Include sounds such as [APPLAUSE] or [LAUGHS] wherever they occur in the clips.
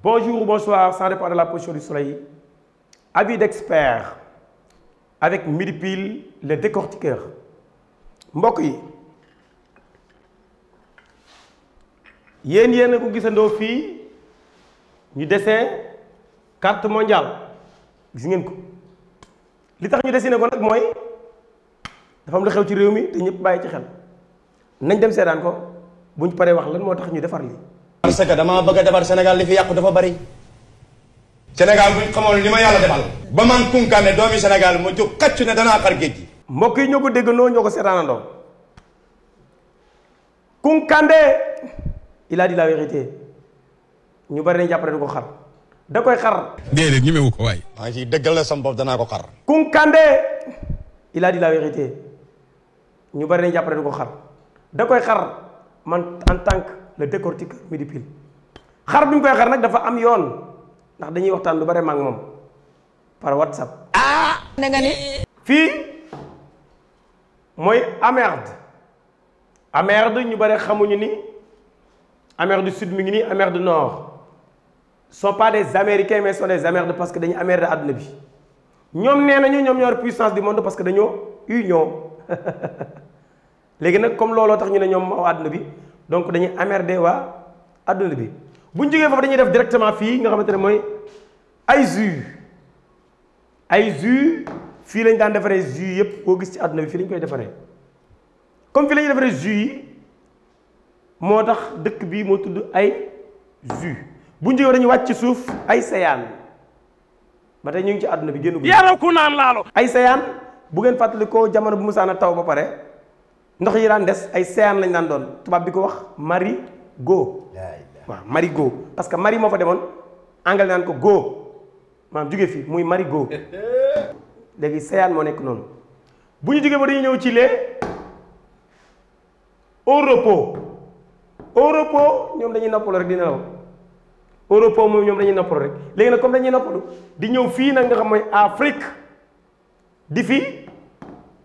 Bonjour, bonsoir, ça dépend de la position du soleil. Avis d'expert avec Midi le décortiqueur. mbokk yi yéen yéen a ko ñu dessin carte mondiale gis ngeen ko li tax ñu dessiné ko nag mooy dafa am lu xew ci réew mi te ñëpp bàyyi ci xel nañ dem seetaan ko buñ paree wax lan moo tax ñu defar lii. parce que bëgg a defar Sénégal li fi yàqu dafa bari Sénégal buñ xamoon li ma yàlla defal ba man kunkaane doomi Sénégal mu jóg xacc ne danaa xar géej gi mbokk yi ñoo ko déggandoo ñoo ko seetaanandoo Kunkande il a dit la vérité ñu bari nañ jàppale du ko xar da koy xar. déedéet ñu mewu ko waay. maa ngi dëggal la sama danaa ko a dit bari nañ jàppale du le décortiqueur midi pile xar bi mu koy xar nak dafa am yoon ndax dañuy waxtaan lu bari ma mom par whatsapp ah na nga ni fi moy amerde amerde ñu bare xamuñu ni amerde du sud mi ngi nii amère du nord sont pas des américains mais sont des amères parce que dañu amerde aduna bi ñom nenañu ñom ñor puissance du monde parce que dañu union [LAUGHS] léegi nak comme lolo tax ñu ne ñom aduna bi donc dañuy amerde waa adduna bi bu ñu fa foofu dañuy def directement fii nga xamante ne mooy ay jus ay jus fii lañ daan defaree jus yëpp koo gis ci adduna bi fii lañ koy defaree comme fii lañuy defaree jus yi moo tax dëkk bi moo tudd ay jus bu ñu jógee dañuy wàcc ci suuf ay sayaan ba tey ñu ngi ci adduna bi génn. yaraw ku naan laalo ay sayaan bu ngeen fàttali ko jamono bu musaana taw ba pare. ndox yi daan des ay séan lañ daan doon tubaab bi ko wax wa mari go parce que mari mo fa demone angal nan ko go man jóge fi, muy mari go, legui [LAUGHS] moo mo nek non buñu jógee ba dañu ñew ci lé au repos au repos ñoom dañuy noppalu rek dina wax au repos moom dañuy rek legui comme dañuy di ñew fi nangga nga xam moy Afrique di fi?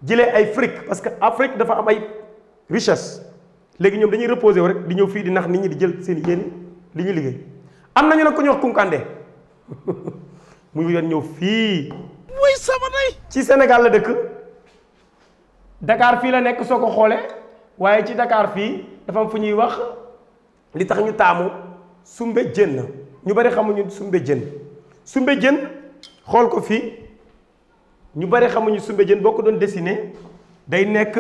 jëlé ay fric parce que afrique dafa am ay richesse légui ñom dañuy reposer rek di ñew fi di nax nit ñi di jël seen yeen li ñu liggéey am nañu nak ko ñu wax kunkandé [LAUGHS] mu yoon ñew fi way sama day ci sénégal la dëkk dakar fi la nek soko xolé waye ci dakar fi dafa am fu ñuy wax li tax ñu taamu sumbe jenn ñu bari ñu sumbe jenn sumbe jenn xol ko fi ñu bari xamuñu sumbe boo bokku doon dessiner day nekk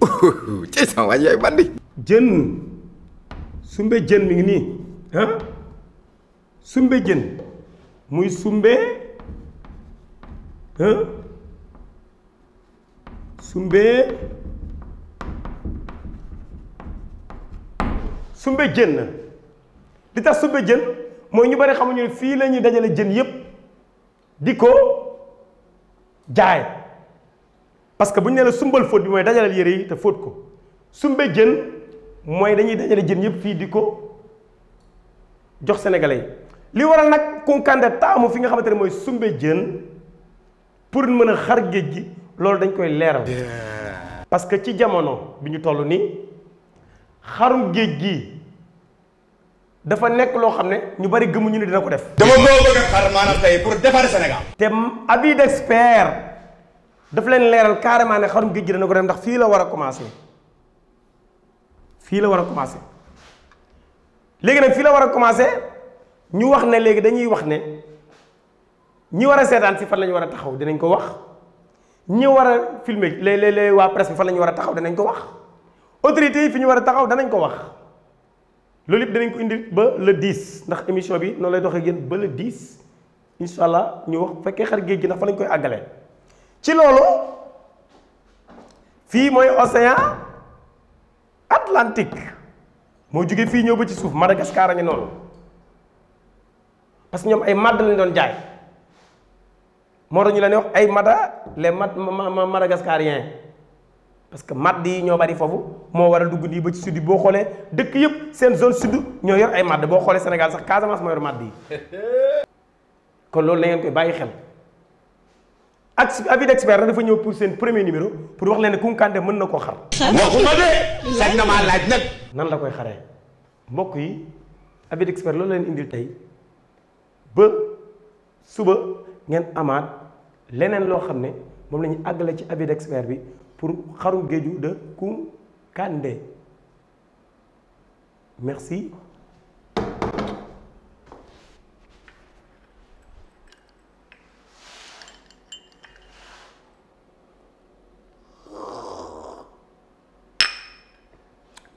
[LAUGHS] ci sama waaj bandi sumbe jën mi ngi hein? sumbe jën muy sumbe hein sumbe sumbe li tax sumbe mooy ñu bari xamuñu ne fii la dajale jeen yépp diko jaay parce que buñu ñu sumbal fóot bi moy dajale yere yi te fóot ko sumbe jeen moy dañuy dajale jeen yépp fi diko jox sénégalais li waral ku kunkande taamu fi nga xamantene moy sumbe jeen pour mëna xar geej gi loolu dañ koy leeral parce que ci jamono biñu tollu ni xarum geej gi dafa nekk loo xam ne ñu bari gëmuñu ne dina ko def. dama loo bëgg xar maanaam tey pour defar Sénégal. te avis d'expert daf leen leeral carrément ne xarum géej gi dana ko def ndax fii la war a commencer fii la war a commencer léegi nag fii la war a commencer ñu wax ne léegi dañuy wax ne ñi war a seetaan si fan la ñu war a taxaw dinañ ko wax ñi war a filmer léeg-léeg waa presse fa fan la ñu war a taxaw danañ ko wax autorités yi fi ñu war a taxaw danañ ko wax. loolu yëpp dinañ ko indi ba le 10 ndax émission bi non lay doxé gën ba le 10 inshallah ñu wax féké xar géej gi ndax fa lañ koy agalé ci loolu fi moy océan Atlantique mo jugé fi ñëw ba ci souf Madagascar ñi non parce ñom ay mad lañ doon jaay mo tax ñu lañ wax ay mada les mad Madagascariens parce que madd yi ñoo bari fofu mo wara dugg ni ba ci sud yi boo xoolee dëkk yëpp seen zone sud ño yor ay madd bo xolé senegal sax Casamance mo yor madd yi [LAUGHS] kon loolu na ngeen koy bayyi xel ak avis d'expert dafa ñew pour sen premier numéro pour wax leen ne kande mën na koo xar waxuma de sax na ma laaj nak nan la koy xaree mbok yi avis d'expert loolu leen indil tay ba suba ngeen amaat leneen lo xam mom lañu la ci avis d'expert bi pour xaru geju de merci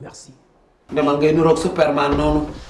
merci demal ngay rok Superman nonou